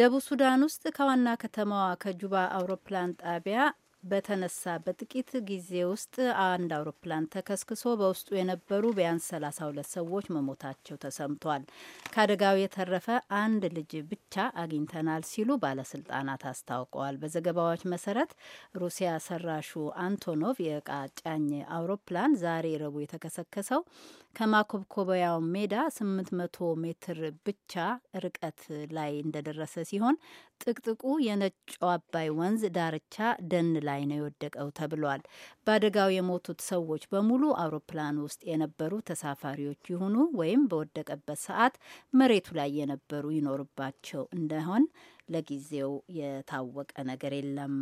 ደቡብ ሱዳን ውስጥ ከዋና ከተማዋ ከጁባ አውሮፕላን ጣቢያ በተነሳ በጥቂት ጊዜ ውስጥ አንድ አውሮፕላን ተከስክሶ በውስጡ የነበሩ ቢያንስ 32 ሰዎች መሞታቸው ተሰምቷል። ከአደጋው የተረፈ አንድ ልጅ ብቻ አግኝተናል ሲሉ ባለስልጣናት አስታውቀዋል። በዘገባዎች መሰረት ሩሲያ ሰራሹ አንቶኖቭ የእቃ ጫኝ አውሮፕላን ዛሬ ረቡዕ የተከሰከሰው ከማኮብኮቢያው ሜዳ 800 ሜትር ብቻ ርቀት ላይ እንደደረሰ ሲሆን ጥቅጥቁ የነጩ አባይ ወንዝ ዳርቻ ደን ላይ ላይ ነው የወደቀው ተብሏል። በአደጋው የሞቱት ሰዎች በሙሉ አውሮፕላን ውስጥ የነበሩ ተሳፋሪዎች ይሁኑ ወይም በወደቀበት ሰዓት መሬቱ ላይ የነበሩ ይኖርባቸው እንደሆን ለጊዜው የታወቀ ነገር የለም።